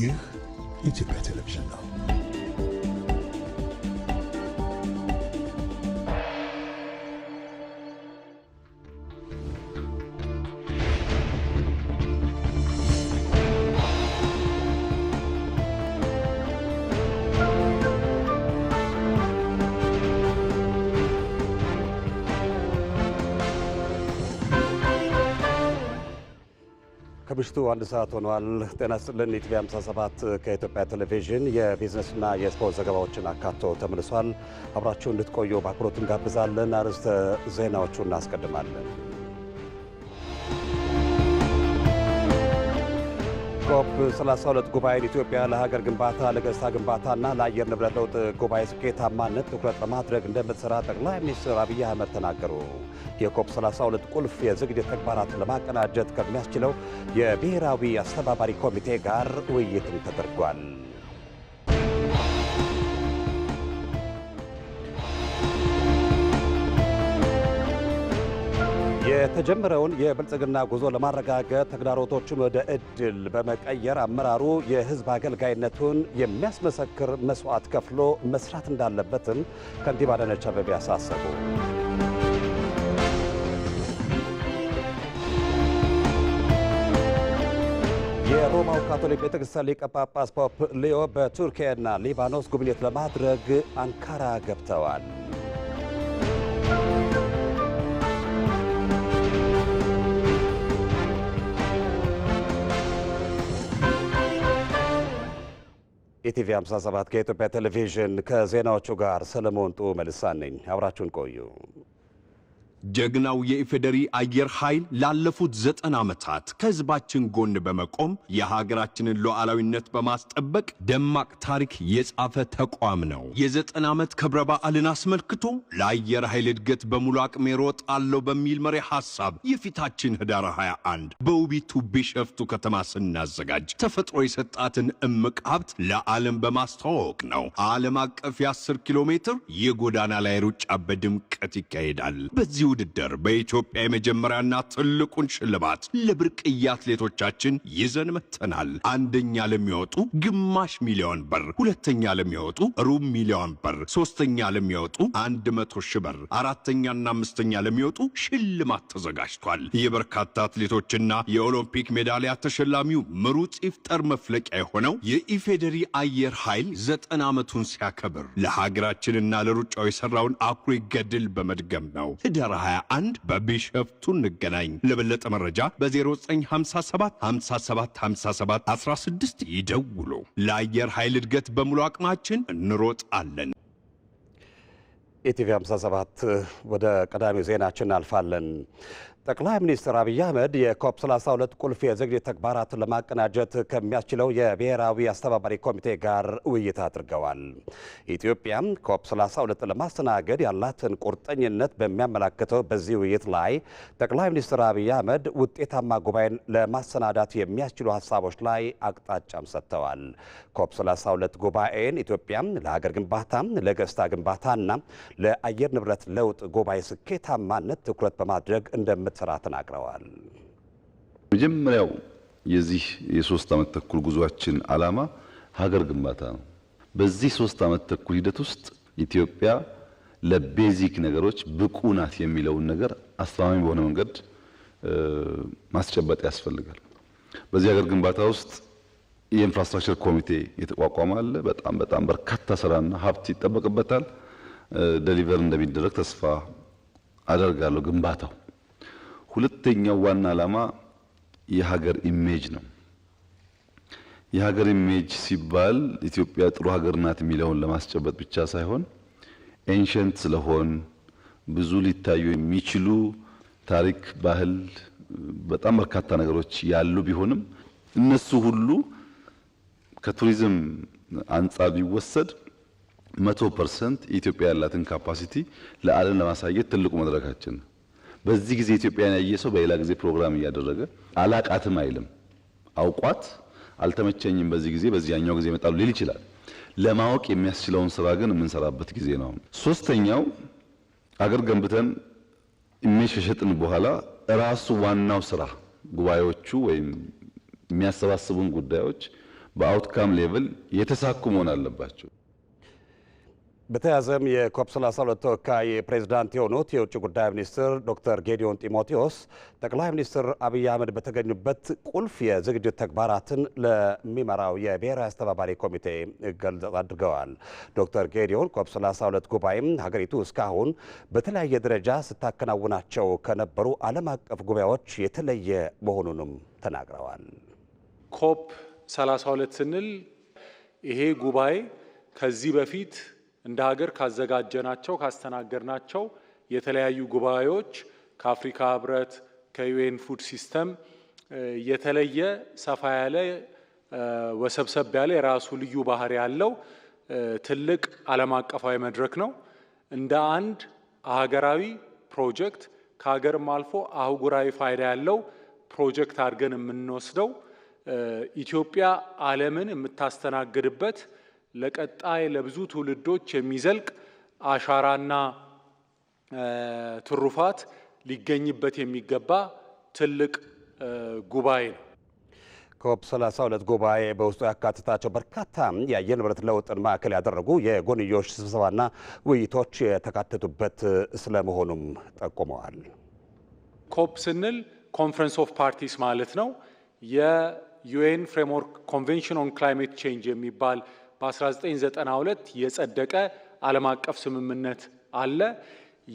you into Television now. ከምሽቱ አንድ ሰዓት ሆኗል። ጤና ስጥልን። ኢቲቪ 57 ከኢትዮጵያ ቴሌቪዥን የቢዝነስና የስፖርት ዘገባዎችን አካቶ ተመልሷል። አብራችሁ እንድትቆዩ በአክብሮት እንጋብዛለን። አርዕስተ ዜናዎቹ እናስቀድማለን። ኮፕ 32 ጉባኤን ኢትዮጵያ ለሀገር ግንባታ ለገጽታ ግንባታና ለአየር ንብረት ለውጥ ጉባኤ ስኬታማነት ትኩረት በማድረግ እንደምትሰራ ጠቅላይ ሚኒስትር አብይ አህመድ ተናገሩ። የኮፕ 32 ቁልፍ የዝግጅት ተግባራት ለማቀናጀት ከሚያስችለው የብሔራዊ አስተባባሪ ኮሚቴ ጋር ውይይትም ተደርጓል። የተጀመረውን የብልጽግና ጉዞ ለማረጋገጥ ተግዳሮቶችን ወደ እድል በመቀየር አመራሩ የህዝብ አገልጋይነቱን የሚያስመሰክር መስዋዕት ከፍሎ መስራት እንዳለበትም ከንቲባ አዳነች አቤቤ አሳሰቡ። የሮማው ካቶሊክ ቤተክርስቲያን ሊቀ ጳጳስ ፖፕ ሊዮ በቱርኪያና ሊባኖስ ጉብኝት ለማድረግ አንካራ ገብተዋል። ኢቲቪ 57 ከኢትዮጵያ ቴሌቪዥን ከዜናዎቹ ጋር ሰለሞን ጡ መልሳ ነኝ። አብራችሁን ቆዩ። ጀግናው የኢፌዴሪ አየር ኃይል ላለፉት ዘጠና ዓመታት ከሕዝባችን ጎን በመቆም የሀገራችንን ሉዓላዊነት በማስጠበቅ ደማቅ ታሪክ የጻፈ ተቋም ነው። የዘጠና ዓመት ክብረ በዓልን አስመልክቶ ለአየር ኃይል እድገት በሙሉ አቅሜ እሮጣለሁ በሚል መሪ ሐሳብ የፊታችን ህዳር 21 በውቢቱ ቢሸፍቱ ከተማ ስናዘጋጅ ተፈጥሮ የሰጣትን እምቅ ሀብት ለዓለም በማስተዋወቅ ነው። ዓለም አቀፍ የ10 ኪሎ ሜትር የጎዳና ላይ ሩጫ በድምቀት ይካሄዳል። በዚሁ ውድድር በኢትዮጵያ የመጀመሪያና ትልቁን ሽልማት ለብርቅዬ አትሌቶቻችን ይዘን መጥተናል። አንደኛ ለሚወጡ ግማሽ ሚሊዮን ብር፣ ሁለተኛ ለሚወጡ ሩብ ሚሊዮን ብር፣ ሶስተኛ ለሚወጡ አንድ መቶ ሺህ ብር፣ አራተኛና አምስተኛ ለሚወጡ ሽልማት ተዘጋጅቷል። የበርካታ አትሌቶችና የኦሎምፒክ ሜዳሊያ ተሸላሚው ምሩጽ ይፍጠር መፍለቂያ የሆነው የኢፌዴሪ አየር ኃይል ዘጠና ዓመቱን ሲያከብር ለሀገራችንና ለሩጫው የሰራውን አኩሪ ገድል በመድገም ነው። 2021 በቢሸፍቱ እንገናኝ። ለበለጠ መረጃ በ0957575716 ይደውሉ። ለአየር ኃይል እድገት በሙሉ አቅማችን እንሮጣለን። ኢቲቪ 57 ወደ ቀዳሚው ዜናችን እናልፋለን። ጠቅላይ ሚኒስትር አብይ አህመድ የኮፕ 32 ቁልፍ የዝግጅት ተግባራት ለማቀናጀት ከሚያስችለው የብሔራዊ አስተባባሪ ኮሚቴ ጋር ውይይት አድርገዋል። ኢትዮጵያ ኮፕ 32 ለማስተናገድ ያላትን ቁርጠኝነት በሚያመላክተው በዚህ ውይይት ላይ ጠቅላይ ሚኒስትር አብይ አህመድ ውጤታማ ጉባኤን ለማሰናዳት የሚያስችሉ ሀሳቦች ላይ አቅጣጫም ሰጥተዋል። ኮፕ 32 ጉባኤን ኢትዮጵያ ለሀገር ግንባታ፣ ለገጽታ ግንባታና ለአየር ንብረት ለውጥ ጉባኤ ስኬታማነት ትኩረት በማድረግ እንደም እንደምትሰራ ተናግረዋል። መጀመሪያው የዚህ የሶስት ዓመት ተኩል ጉዟችን ዓላማ ሀገር ግንባታ ነው። በዚህ ሶስት ዓመት ተኩል ሂደት ውስጥ ኢትዮጵያ ለቤዚክ ነገሮች ብቁ ናት የሚለውን ነገር አስተማማኝ በሆነ መንገድ ማስጨበጥ ያስፈልጋል። በዚህ ሀገር ግንባታ ውስጥ የኢንፍራስትራክቸር ኮሚቴ የተቋቋመ አለ። በጣም በጣም በርካታ ስራና ሀብት ይጠበቅበታል። ደሊቨር እንደሚደረግ ተስፋ አደርጋለሁ ግንባታው ሁለተኛው ዋና ዓላማ የሀገር ኢሜጅ ነው። የሀገር ኢሜጅ ሲባል ኢትዮጵያ ጥሩ ሀገር ናት የሚለውን ለማስጨበጥ ብቻ ሳይሆን ኤንሸንት ስለሆን ብዙ ሊታዩ የሚችሉ ታሪክ፣ ባህል፣ በጣም በርካታ ነገሮች ያሉ ቢሆንም እነሱ ሁሉ ከቱሪዝም አንጻር ቢወሰድ መቶ ፐርሰንት ኢትዮጵያ ያላትን ካፓሲቲ ለዓለም ለማሳየት ትልቁ መድረካችን ነው። በዚህ ጊዜ ኢትዮጵያን ያየ ሰው በሌላ ጊዜ ፕሮግራም እያደረገ አላቃትም አይልም። አውቋት አልተመቸኝም በዚህ ጊዜ በዚያኛው ጊዜ ይመጣሉ ሊል ይችላል። ለማወቅ የሚያስችለውን ስራ ግን የምንሰራበት ጊዜ ነው። ሶስተኛው አገር ገንብተን የሚሸሸጥን በኋላ ራሱ ዋናው ስራ ጉባኤዎቹ ወይም የሚያሰባስቡን ጉዳዮች በአውትካም ሌቭል የተሳኩ መሆን አለባቸው። በተያዘም የኮፕ 32 ተወካይ ፕሬዝዳንት የሆኑት የውጭ ጉዳይ ሚኒስትር ዶክተር ጌዲዮን ጢሞቴዎስ ጠቅላይ ሚኒስትር አብይ አህመድ በተገኙበት ቁልፍ የዝግጅት ተግባራትን ለሚመራው የብሔራዊ አስተባባሪ ኮሚቴ ገልጽ አድርገዋል። ዶክተር ጌዲዮን ኮፕ 32 ጉባኤም ሀገሪቱ እስካሁን በተለያየ ደረጃ ስታከናውናቸው ከነበሩ ዓለም አቀፍ ጉባኤዎች የተለየ መሆኑንም ተናግረዋል። ኮፕ 32 ስንል ይሄ ጉባኤ ከዚህ በፊት እንደ ሀገር ካዘጋጀናቸው ካስተናገድናቸው የተለያዩ ጉባኤዎች ከአፍሪካ ህብረት ከዩኤን ፉድ ሲስተም የተለየ ሰፋ ያለ ወሰብሰብ ያለ የራሱ ልዩ ባህሪ ያለው ትልቅ ዓለም አቀፋዊ መድረክ ነው። እንደ አንድ ሀገራዊ ፕሮጀክት ከሀገርም አልፎ አህጉራዊ ፋይዳ ያለው ፕሮጀክት አድርገን የምንወስደው ኢትዮጵያ ዓለምን የምታስተናግድበት ለቀጣይ ለብዙ ትውልዶች የሚዘልቅ አሻራና ትሩፋት ሊገኝበት የሚገባ ትልቅ ጉባኤ ነው። ኮፕ 32 ጉባኤ በውስጡ ያካትታቸው በርካታ የአየር ንብረት ለውጥን ማዕከል ያደረጉ የጎንዮሽ ስብሰባና ውይይቶች የተካተቱበት ስለመሆኑም ጠቁመዋል። ኮፕ ስንል ኮንፈረንስ ኦፍ ፓርቲስ ማለት ነው። የዩኤን ፍሬምወርክ ኮንቬንሽን ኦን ክላይሜት ቼንጅ የሚባል በ1992 የጸደቀ ዓለም አቀፍ ስምምነት አለ።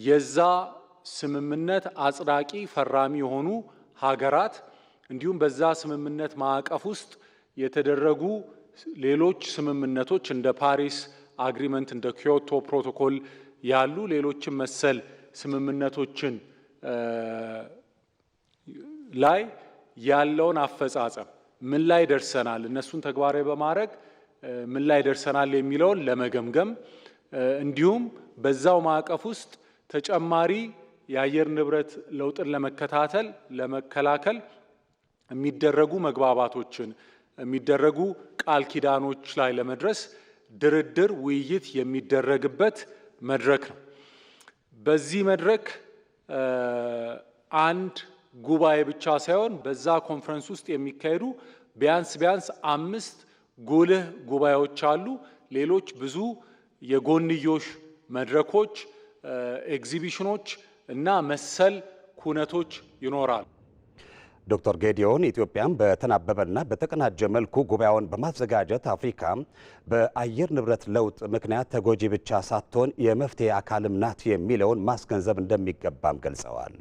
የዛ ስምምነት አጽዳቂ ፈራሚ የሆኑ ሀገራት እንዲሁም በዛ ስምምነት ማዕቀፍ ውስጥ የተደረጉ ሌሎች ስምምነቶች እንደ ፓሪስ አግሪመንት እንደ ኪዮቶ ፕሮቶኮል ያሉ ሌሎችን መሰል ስምምነቶችን ላይ ያለውን አፈጻጸም ምን ላይ ደርሰናል፣ እነሱን ተግባራዊ በማድረግ ምን ላይ ደርሰናል የሚለውን ለመገምገም እንዲሁም በዛው ማዕቀፍ ውስጥ ተጨማሪ የአየር ንብረት ለውጥን ለመከታተል ለመከላከል የሚደረጉ መግባባቶችን የሚደረጉ ቃል ኪዳኖች ላይ ለመድረስ ድርድር፣ ውይይት የሚደረግበት መድረክ ነው። በዚህ መድረክ አንድ ጉባኤ ብቻ ሳይሆን በዛ ኮንፈረንስ ውስጥ የሚካሄዱ ቢያንስ ቢያንስ አምስት ጉልህ ጉባኤዎች አሉ። ሌሎች ብዙ የጎንዮሽ መድረኮች፣ ኤግዚቢሽኖች እና መሰል ኩነቶች ይኖራሉ። ዶክተር ጌዲዮን ኢትዮጵያን በተናበበና በተቀናጀ መልኩ ጉባኤውን በማዘጋጀት አፍሪካ በአየር ንብረት ለውጥ ምክንያት ተጎጂ ብቻ ሳትሆን የመፍትሄ አካልም ናት የሚለውን ማስገንዘብ እንደሚገባም ገልጸዋል።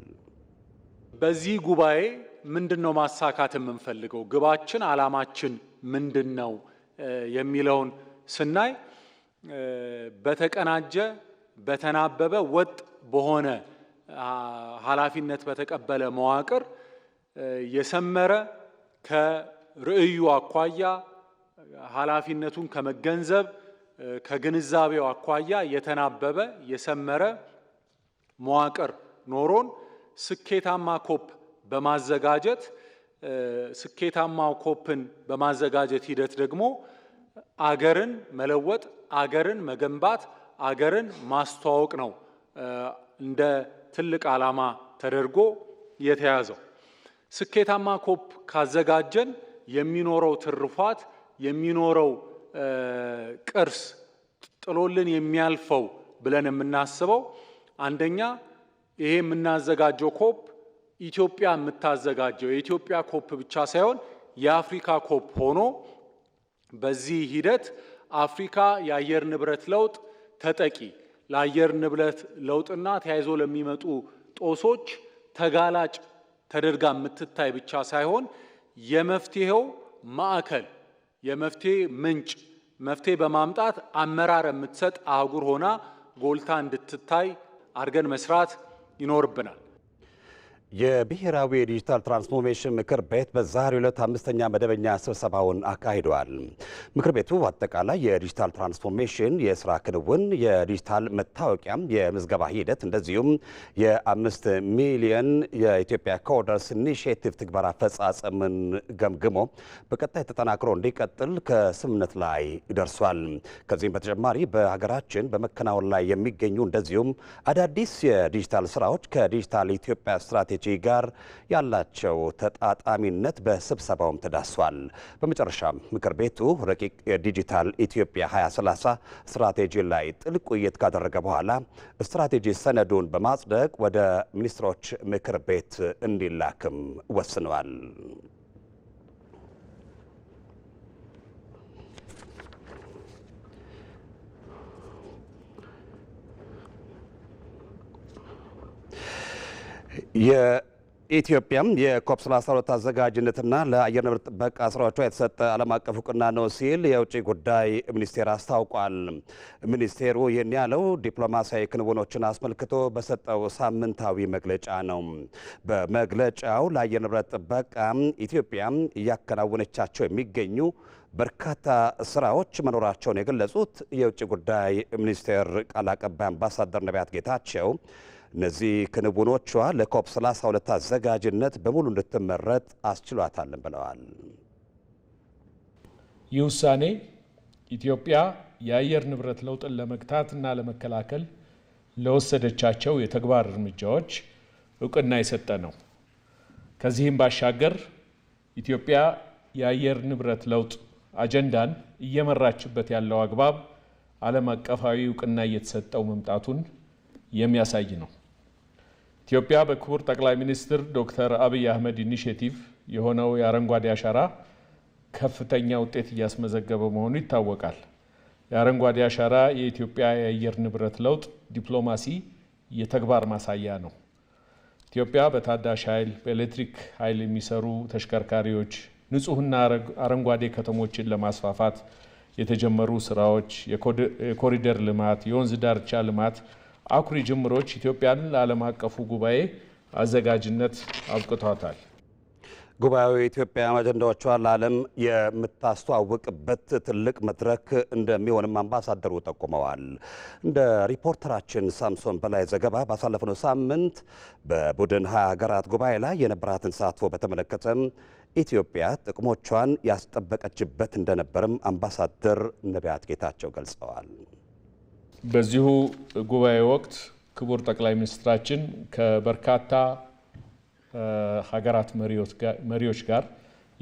በዚህ ጉባኤ ምንድን ነው ማሳካት የምንፈልገው? ግባችን፣ አላማችን? ምንድን ነው የሚለውን ስናይ በተቀናጀ በተናበበ ወጥ በሆነ ኃላፊነት በተቀበለ መዋቅር የሰመረ ከርዕዩ አኳያ ኃላፊነቱን ከመገንዘብ ከግንዛቤው አኳያ የተናበበ የሰመረ መዋቅር ኖሮን ስኬታማ ኮፕ በማዘጋጀት ስኬታማ ኮፕን በማዘጋጀት ሂደት ደግሞ አገርን መለወጥ፣ አገርን መገንባት፣ አገርን ማስተዋወቅ ነው እንደ ትልቅ ዓላማ ተደርጎ የተያዘው። ስኬታማ ኮፕ ካዘጋጀን የሚኖረው ትርፋት የሚኖረው ቅርስ ጥሎልን የሚያልፈው ብለን የምናስበው አንደኛ ይሄ የምናዘጋጀው ኮፕ ኢትዮጵያ የምታዘጋጀው የኢትዮጵያ ኮፕ ብቻ ሳይሆን የአፍሪካ ኮፕ ሆኖ በዚህ ሂደት አፍሪካ የአየር ንብረት ለውጥ ተጠቂ ለአየር ንብረት ለውጥና ተያይዞ ለሚመጡ ጦሶች ተጋላጭ ተደርጋ የምትታይ ብቻ ሳይሆን የመፍትሄው ማዕከል የመፍትሄ ምንጭ መፍትሄ በማምጣት አመራር የምትሰጥ አህጉር ሆና ጎልታ እንድትታይ አድርገን መስራት ይኖርብናል። የብሔራዊ የዲጂታል ትራንስፎርሜሽን ምክር ቤት በዛሬው ዕለት አምስተኛ መደበኛ ስብሰባውን አካሂደዋል። ምክር ቤቱ አጠቃላይ የዲጂታል ትራንስፎርሜሽን የስራ ክንውን፣ የዲጂታል መታወቂያ የምዝገባ ሂደት እንደዚሁም የአምስት ሚሊዮን የኢትዮጵያ ኮደርስ ኢኒሽቲቭ ትግበራ አፈጻጸምን ገምግሞ በቀጣይ ተጠናክሮ እንዲቀጥል ከስምምነት ላይ ደርሷል። ከዚህም በተጨማሪ በሀገራችን በመከናወን ላይ የሚገኙ እንደዚሁም አዳዲስ የዲጂታል ስራዎች ከዲጂታል ኢትዮጵያ ስትራቴጂ ስትራቴጂ ጋር ያላቸው ተጣጣሚነት በስብሰባውም ተዳስሷል። በመጨረሻም ምክር ቤቱ ረቂቅ የዲጂታል ኢትዮጵያ 2030 ስትራቴጂ ላይ ጥልቅ ውይይት ካደረገ በኋላ ስትራቴጂ ሰነዱን በማጽደቅ ወደ ሚኒስትሮች ምክር ቤት እንዲላክም ወስነዋል። የኢትዮጵያም የኮፕ 32 አዘጋጅነትና ለአየር ንብረት ጥበቃ ስራዎቿ የተሰጠ ዓለም አቀፍ እውቅና ነው ሲል የውጭ ጉዳይ ሚኒስቴር አስታውቋል። ሚኒስቴሩ ይህን ያለው ዲፕሎማሲያዊ ክንውኖችን አስመልክቶ በሰጠው ሳምንታዊ መግለጫ ነው። በመግለጫው ለአየር ንብረት ጥበቃ ኢትዮጵያ እያከናወነቻቸው የሚገኙ በርካታ ስራዎች መኖራቸውን የገለጹት የውጭ ጉዳይ ሚኒስቴር ቃል አቀባይ አምባሳደር ነቢያት ጌታቸው እነዚህ ክንውኖቿ ለኮፕ 32 አዘጋጅነት በሙሉ እንድትመረጥ አስችሏታልን ብለዋል። ይህ ውሳኔ ኢትዮጵያ የአየር ንብረት ለውጥን ለመግታትና ለመከላከል ለወሰደቻቸው የተግባር እርምጃዎች እውቅና የሰጠ ነው። ከዚህም ባሻገር ኢትዮጵያ የአየር ንብረት ለውጥ አጀንዳን እየመራችበት ያለው አግባብ ዓለም አቀፋዊ እውቅና እየተሰጠው መምጣቱን የሚያሳይ ነው። ኢትዮጵያ በክቡር ጠቅላይ ሚኒስትር ዶክተር አብይ አህመድ ኢኒሽቲቭ የሆነው የአረንጓዴ አሻራ ከፍተኛ ውጤት እያስመዘገበ መሆኑ ይታወቃል። የአረንጓዴ አሻራ የኢትዮጵያ የአየር ንብረት ለውጥ ዲፕሎማሲ የተግባር ማሳያ ነው። ኢትዮጵያ በታዳሽ ኃይል፣ በኤሌክትሪክ ኃይል የሚሰሩ ተሽከርካሪዎች፣ ንጹህና አረንጓዴ ከተሞችን ለማስፋፋት የተጀመሩ ስራዎች፣ የኮሪደር ልማት፣ የወንዝ ዳርቻ ልማት አኩሪ ጅምሮች ኢትዮጵያን ለዓለም አቀፉ ጉባኤ አዘጋጅነት አብቅቷታል። ጉባኤው የኢትዮጵያ አጀንዳዎቿን ለዓለም የምታስተዋውቅበት ትልቅ መድረክ እንደሚሆንም አምባሳደሩ ጠቁመዋል። እንደ ሪፖርተራችን ሳምሶን በላይ ዘገባ ባሳለፍነው ሳምንት በቡድን ሀያ ሀገራት ጉባኤ ላይ የነበራትን ተሳትፎ በተመለከተም ኢትዮጵያ ጥቅሞቿን ያስጠበቀችበት እንደነበርም አምባሳደር ነቢያት ጌታቸው ገልጸዋል። በዚሁ ጉባኤ ወቅት ክቡር ጠቅላይ ሚኒስትራችን ከበርካታ ሀገራት መሪዎች ጋር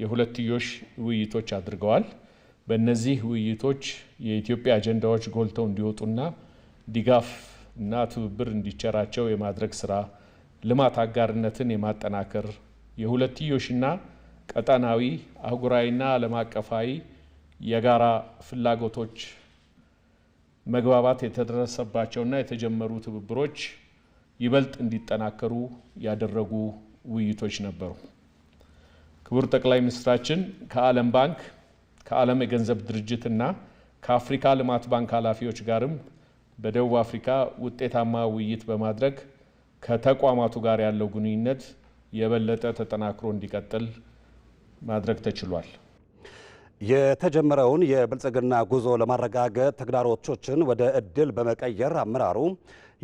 የሁለትዮሽ ውይይቶች አድርገዋል። በእነዚህ ውይይቶች የኢትዮጵያ አጀንዳዎች ጎልተው እንዲወጡና ድጋፍ እና ትብብር እንዲቸራቸው የማድረግ ስራ፣ ልማት አጋርነትን የማጠናከር የሁለትዮሽና ቀጠናዊ አህጉራዊና ዓለም አቀፋዊ የጋራ ፍላጎቶች መግባባት የተደረሰባቸውና የተጀመሩ ትብብሮች ይበልጥ እንዲጠናከሩ ያደረጉ ውይይቶች ነበሩ። ክቡር ጠቅላይ ሚኒስትራችን ከዓለም ባንክ ከዓለም የገንዘብ ድርጅትና ከአፍሪካ ልማት ባንክ ኃላፊዎች ጋርም በደቡብ አፍሪካ ውጤታማ ውይይት በማድረግ ከተቋማቱ ጋር ያለው ግንኙነት የበለጠ ተጠናክሮ እንዲቀጥል ማድረግ ተችሏል። የተጀመረውን የብልጽግና ጉዞ ለማረጋገጥ ተግዳሮቶችን ወደ እድል በመቀየር አመራሩ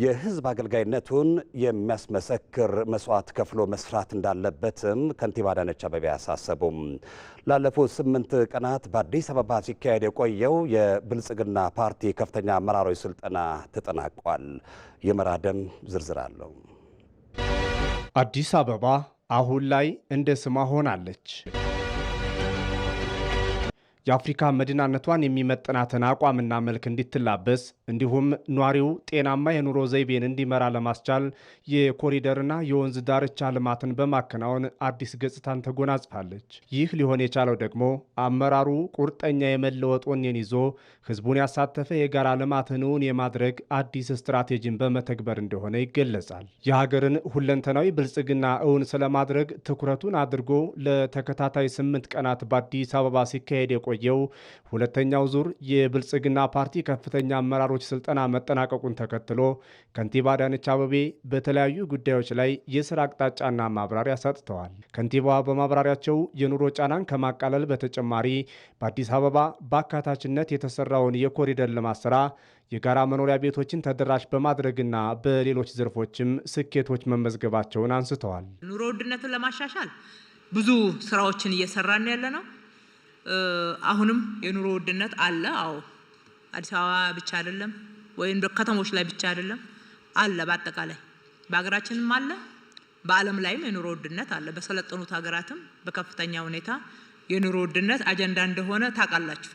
የህዝብ አገልጋይነቱን የሚያስመሰክር መስዋዕት ከፍሎ መስራት እንዳለበትም ከንቲባ አዳነች አቤቤ አሳሰቡም። ላለፉት ስምንት ቀናት በአዲስ አበባ ሲካሄድ የቆየው የብልጽግና ፓርቲ ከፍተኛ አመራሮች ስልጠና ተጠናቋል። የመራደም ዝርዝር አለው። አዲስ አበባ አሁን ላይ እንደ ስማ ሆናለች። የአፍሪካ መዲናነቷን የሚመጥናትን አቋምና መልክ እንዲትላበስ እንዲሁም ኗሪው ጤናማ የኑሮ ዘይቤን እንዲመራ ለማስቻል የኮሪደርና የወንዝ ዳርቻ ልማትን በማከናወን አዲስ ገጽታን ተጎናጽፋለች። ይህ ሊሆን የቻለው ደግሞ አመራሩ ቁርጠኛ የመለወጥ ወኔን ይዞ ህዝቡን ያሳተፈ የጋራ ልማትን እውን የማድረግ አዲስ ስትራቴጂን በመተግበር እንደሆነ ይገለጻል። የሀገርን ሁለንተናዊ ብልጽግና እውን ስለማድረግ ትኩረቱን አድርጎ ለተከታታይ ስምንት ቀናት በአዲስ አበባ ሲካሄድ የቆየ የቆየው ሁለተኛው ዙር የብልጽግና ፓርቲ ከፍተኛ አመራሮች ስልጠና መጠናቀቁን ተከትሎ ከንቲባ አዳነች አበቤ በተለያዩ ጉዳዮች ላይ የስራ አቅጣጫና ማብራሪያ ሰጥተዋል። ከንቲባዋ በማብራሪያቸው የኑሮ ጫናን ከማቃለል በተጨማሪ በአዲስ አበባ በአካታችነት የተሰራውን የኮሪደር ልማት ስራ የጋራ መኖሪያ ቤቶችን ተደራሽ በማድረግና በሌሎች ዘርፎችም ስኬቶች መመዝገባቸውን አንስተዋል። ኑሮ ውድነቱን ለማሻሻል ብዙ ስራዎችን እየሰራን ያለ ነው። አሁንም የኑሮ ውድነት አለ። አዎ አዲስ አበባ ብቻ አይደለም፣ ወይም ከተሞች ላይ ብቻ አይደለም፣ አለ። በአጠቃላይ በሀገራችንም አለ፣ በዓለም ላይም የኑሮ ውድነት አለ። በሰለጠኑት ሀገራትም በከፍተኛ ሁኔታ የኑሮ ውድነት አጀንዳ እንደሆነ ታውቃላችሁ።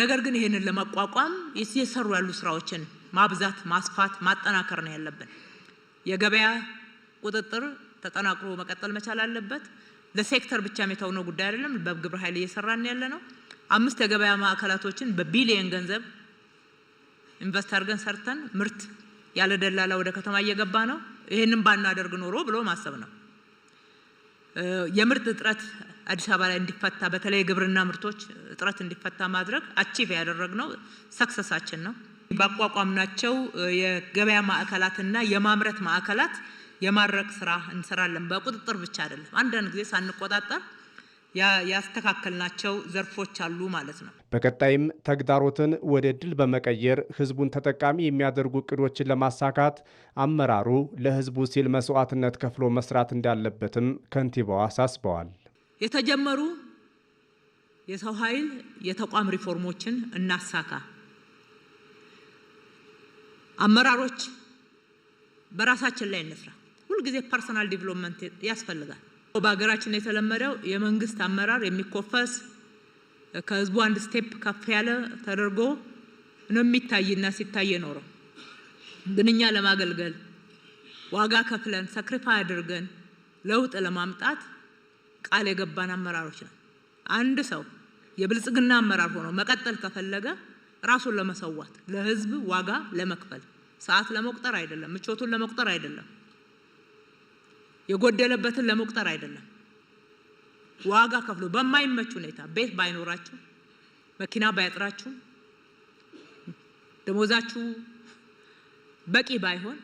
ነገር ግን ይህንን ለመቋቋም እየሰሩ ያሉ ስራዎችን ማብዛት፣ ማስፋት፣ ማጠናከር ነው ያለብን። የገበያ ቁጥጥር ተጠናክሮ መቀጠል መቻል አለበት። ለሴክተር ብቻ የተውነው ጉዳይ አይደለም። በግብረ ኃይል እየሰራን ያለ ነው። አምስት የገበያ ማዕከላቶችን በቢሊየን ገንዘብ ኢንቨስት አድርገን ሰርተን ምርት ያለ ደላላ ወደ ከተማ እየገባ ነው። ይህንን ባናደርግ ኖሮ ብሎ ማሰብ ነው። የምርት እጥረት አዲስ አበባ ላይ እንዲፈታ በተለይ የግብርና ምርቶች እጥረት እንዲፈታ ማድረግ አቺቭ ያደረግነው ሰክሰሳችን ነው። ባቋቋምናቸው የገበያ ማዕከላትና የማምረት ማዕከላት የማድረግ ስራ እንሰራለን። በቁጥጥር ብቻ አይደለም። አንዳንድ ጊዜ ሳንቆጣጠር ያስተካከልናቸው ዘርፎች አሉ ማለት ነው። በቀጣይም ተግዳሮትን ወደ ድል በመቀየር ህዝቡን ተጠቃሚ የሚያደርጉ እቅዶችን ለማሳካት አመራሩ ለህዝቡ ሲል መስዋዕትነት ከፍሎ መስራት እንዳለበትም ከንቲባው አሳስበዋል። የተጀመሩ የሰው ኃይል የተቋም ሪፎርሞችን እናሳካ። አመራሮች በራሳችን ላይ እንስራ። ሁልጊዜ ፐርሰናል ዲቨሎፕመንት ያስፈልጋል። በሀገራችን የተለመደው የመንግስት አመራር የሚኮፈስ ከህዝቡ አንድ ስቴፕ ከፍ ያለ ተደርጎ ነው የሚታይና ሲታይ የኖረው። ግን እኛ ለማገልገል ዋጋ ከፍለን ሰክሪፋይ አድርገን ለውጥ ለማምጣት ቃል የገባን አመራሮች ነው። አንድ ሰው የብልጽግና አመራር ሆኖ መቀጠል ከፈለገ ራሱን ለመሰዋት ለህዝብ ዋጋ ለመክፈል ሰዓት ለመቁጠር አይደለም፣ ምቾቱን ለመቁጠር አይደለም የጎደለበትን ለመቁጠር አይደለም። ዋጋ ከፍሎ በማይመች ሁኔታ ቤት ባይኖራችሁ፣ መኪና ባያጥራችሁ፣ ደሞዛችሁ በቂ ባይሆን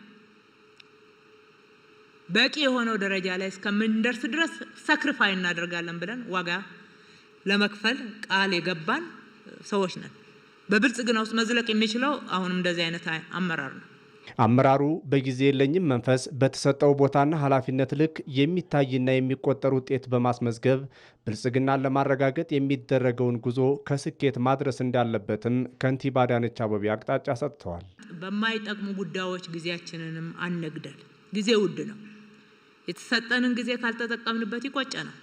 በቂ የሆነው ደረጃ ላይ እስከምንደርስ ድረስ ሰክሪፋይ እናደርጋለን ብለን ዋጋ ለመክፈል ቃል የገባን ሰዎች ነን። በብልጽግና ውስጥ መዝለቅ የሚችለው አሁንም እንደዚህ አይነት አመራር ነው። አመራሩ በጊዜ የለኝም መንፈስ በተሰጠው ቦታና ኃላፊነት ልክ የሚታይና የሚቆጠር ውጤት በማስመዝገብ ብልጽግናን ለማረጋገጥ የሚደረገውን ጉዞ ከስኬት ማድረስ እንዳለበትም ከንቲባ አዳነች አቤቤ አቅጣጫ ሰጥተዋል። በማይጠቅሙ ጉዳዮች ጊዜያችንንም አንግደል። ጊዜ ውድ ነው። የተሰጠንን ጊዜ ካልተጠቀምንበት ይቆጨናል።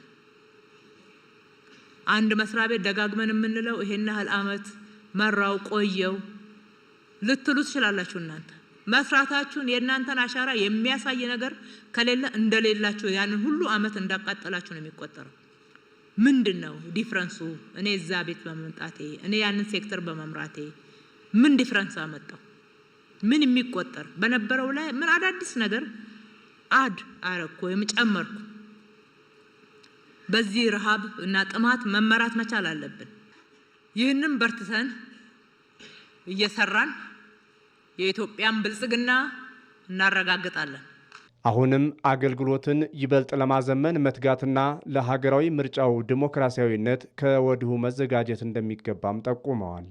አንድ መስሪያ ቤት ደጋግመን የምንለው ይሄን ያህል ዓመት መራው ቆየው ልትሉ ትችላላችሁ እናንተ መፍራታችሁን የእናንተን አሻራ የሚያሳይ ነገር ከሌለ እንደሌላችሁ ያንን ሁሉ አመት እንዳቃጠላችሁ ነው የሚቆጠረው። ምንድን ነው ዲፍረንሱ? እኔ እዛ ቤት በመምጣቴ እኔ ያንን ሴክተር በመምራቴ ምን ዲፍረንስ አመጣው? ምን የሚቆጠር በነበረው ላይ ምን አዳዲስ ነገር አድ አረኩ ወይም ጨመርኩ? በዚህ ረሃብ እና ጥማት መመራት መቻል አለብን። ይህንም በርትተን እየሰራን የኢትዮጵያን ብልጽግና እናረጋግጣለን። አሁንም አገልግሎትን ይበልጥ ለማዘመን መትጋትና ለሀገራዊ ምርጫው ዲሞክራሲያዊነት ከወዲሁ መዘጋጀት እንደሚገባም ጠቁመዋል።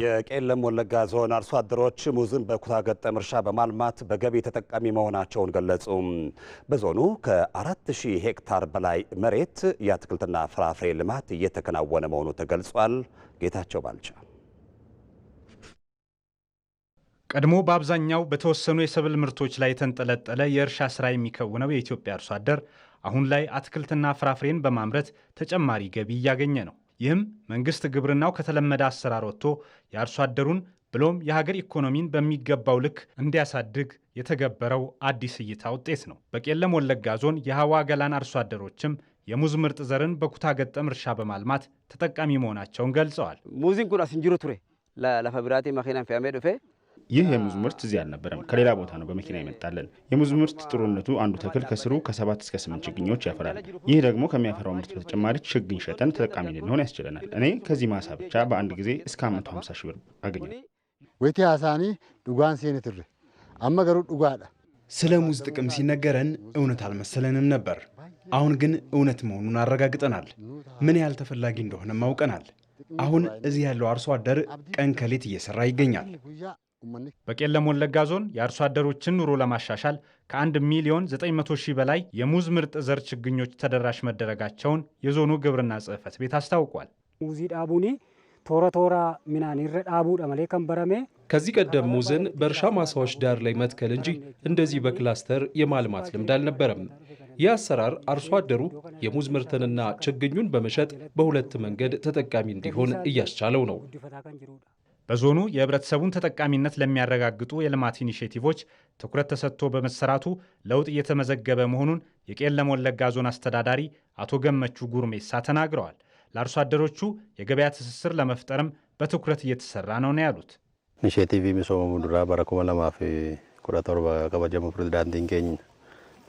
የቄለም ወለጋ ዞን አርሶ አደሮች ሙዝን በኩታ ገጠም እርሻ በማልማት በገቢ ተጠቃሚ መሆናቸውን ገለጹ። በዞኑ ከ4000 ሄክታር በላይ መሬት የአትክልትና ፍራፍሬ ልማት እየተከናወነ መሆኑ ተገልጿል። ጌታቸው ባልቻ ቀድሞ በአብዛኛው በተወሰኑ የሰብል ምርቶች ላይ የተንጠለጠለ የእርሻ ስራ የሚከውነው የኢትዮጵያ አርሶ አደር አሁን ላይ አትክልትና ፍራፍሬን በማምረት ተጨማሪ ገቢ እያገኘ ነው። ይህም መንግስት ግብርናው ከተለመደ አሰራር ወጥቶ የአርሶ አደሩን ብሎም የሀገር ኢኮኖሚን በሚገባው ልክ እንዲያሳድግ የተገበረው አዲስ እይታ ውጤት ነው። በቄለም ወለጋ ዞን የሀዋ ገላን አርሶ አደሮችም የሙዝ ምርጥ ዘርን በኩታ ገጠም እርሻ በማልማት ተጠቃሚ መሆናቸውን ገልጸዋል። ሙዚን ኩን አስንጅሩ ቱሬ ለፈብራቴ መኪናን ፊያሜ ዱፌ ይህ የሙዝ ምርት እዚህ አልነበረም፣ ከሌላ ቦታ ነው በመኪና ይመጣለን። የሙዝ ምርት ጥሩነቱ አንዱ ተክል ከስሩ ከሰባት እስከ ስምንት ችግኞች ያፈራል። ይህ ደግሞ ከሚያፈራው ምርት በተጨማሪ ችግኝ ሸጠን ተጠቃሚ ልንሆን ያስችለናል። እኔ ከዚህ ማሳ ብቻ በአንድ ጊዜ እስከ 150 ሺህ ብር አገኘ። ወይቲ አሳኒ ዱጓን ሴንትር አመገሩ ዱጓዳ ስለ ሙዝ ጥቅም ሲነገረን እውነት አልመሰለንም ነበር። አሁን ግን እውነት መሆኑን አረጋግጠናል። ምን ያህል ተፈላጊ እንደሆነም አውቀናል። አሁን እዚህ ያለው አርሶ አደር ቀን ከሌት እየሰራ ይገኛል። በቄለም ወለጋ ዞን የአርሶ አደሮችን ኑሮ ለማሻሻል ከ1 ሚሊዮን 900 ሺህ በላይ የሙዝ ምርጥ ዘር ችግኞች ተደራሽ መደረጋቸውን የዞኑ ግብርና ጽሕፈት ቤት አስታውቋል። ሙዚ ዳቡኒ ቶራ ሚናን ይረ ዳቡ ደመሌ ከንበረሜ ከዚህ ቀደም ሙዝን በእርሻ ማሳዎች ዳር ላይ መትከል እንጂ እንደዚህ በክላስተር የማልማት ልምድ አልነበረም። ይህ አሰራር አርሶ አደሩ የሙዝ ምርትንና ችግኙን በመሸጥ በሁለት መንገድ ተጠቃሚ እንዲሆን እያስቻለው ነው። በዞኑ የህብረተሰቡን ተጠቃሚነት ለሚያረጋግጡ የልማት ኢኒሽቲቮች ትኩረት ተሰጥቶ በመሰራቱ ለውጥ እየተመዘገበ መሆኑን የቄለም ወለጋ ዞን አስተዳዳሪ አቶ ገመቹ ጉርሜሳ ተናግረዋል። ለአርሶ አደሮቹ የገበያ ትስስር ለመፍጠርም በትኩረት እየተሰራ ነው ነው ያሉት። ኢኒሼቲቭ ሚሶመ ሙዱራ በረኩመ ለማፊ ኩረተሩ በቀበጀሙ ፕሬዚዳንት ንገኝ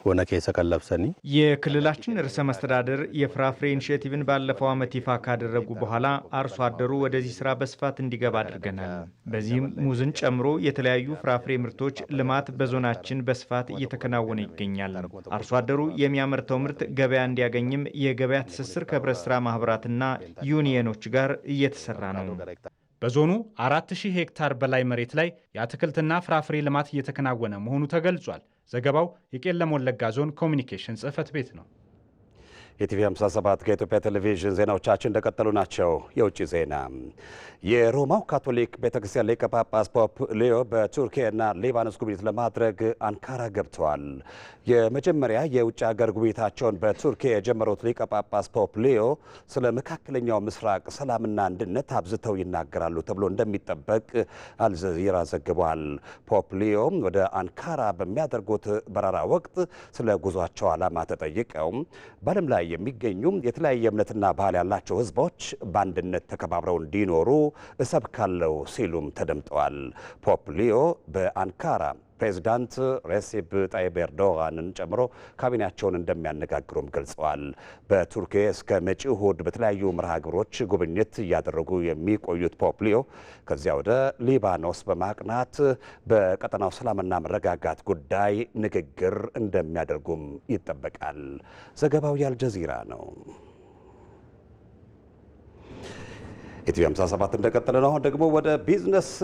ሆነ ኬሰ ቀለብሰኒ የክልላችን ርዕሰ መስተዳደር የፍራፍሬ ኢኒሽቲቭን ባለፈው ዓመት ይፋ ካደረጉ በኋላ አርሶ አደሩ ወደዚህ ስራ በስፋት እንዲገባ አድርገናል። በዚህም ሙዝን ጨምሮ የተለያዩ ፍራፍሬ ምርቶች ልማት በዞናችን በስፋት እየተከናወነ ይገኛል። አርሶ አደሩ የሚያመርተው ምርት ገበያ እንዲያገኝም የገበያ ትስስር ከህብረት ስራ ማህበራትና ዩኒየኖች ጋር እየተሰራ ነው። በዞኑ 4000 ሄክታር በላይ መሬት ላይ የአትክልትና ፍራፍሬ ልማት እየተከናወነ መሆኑ ተገልጿል። ዘገባው የቄለም ወለጋ ዞን ኮሚኒኬሽን ጽህፈት ቤት ነው። ኢቲቪ 57 ከኢትዮጵያ ቴሌቪዥን ዜናዎቻችን እንደቀጠሉ ናቸው። የውጭ ዜና። የሮማው ካቶሊክ ቤተክርስቲያን ሊቀ ጳጳስ ፖፕ ሌዮ በቱርኪያና ሊባኖስ ጉብኝት ለማድረግ አንካራ ገብተዋል። የመጀመሪያ የውጭ ሀገር ጉብኝታቸውን በቱርኪያ የጀመሩት ሊቀ ጳጳስ ፖፕ ሌዮ ስለ መካከለኛው ምስራቅ ሰላምና አንድነት አብዝተው ይናገራሉ ተብሎ እንደሚጠበቅ አልዘዚራ ዘግቧል። ፖፕ ሌዮ ወደ አንካራ በሚያደርጉት በረራ ወቅት ስለ ጉዟቸው ዓላማ ተጠይቀው በዓለም ላይ ላይ የሚገኙ የተለያየ እምነትና ባህል ያላቸው ህዝቦች በአንድነት ተከባብረው እንዲኖሩ እሰብካለው ሲሉም ተደምጠዋል። ፖፕ ሊዮ በአንካራ ፕሬዚዳንት ሬሴፕ ጣይብ ኤርዶጋንን ጨምሮ ካቢኔያቸውን እንደሚያነጋግሩም ገልጸዋል። በቱርኪያ እስከ መጪ እሁድ በተለያዩ መርሃ ግብሮች ጉብኝት እያደረጉ የሚቆዩት ፖፕሊዮ ከዚያ ወደ ሊባኖስ በማቅናት በቀጠናው ሰላምና መረጋጋት ጉዳይ ንግግር እንደሚያደርጉም ይጠበቃል። ዘገባው የአልጀዚራ ነው። ኢቲቪ 57 እንደቀጠለ ነው። አሁን ደግሞ ወደ ቢዝነስ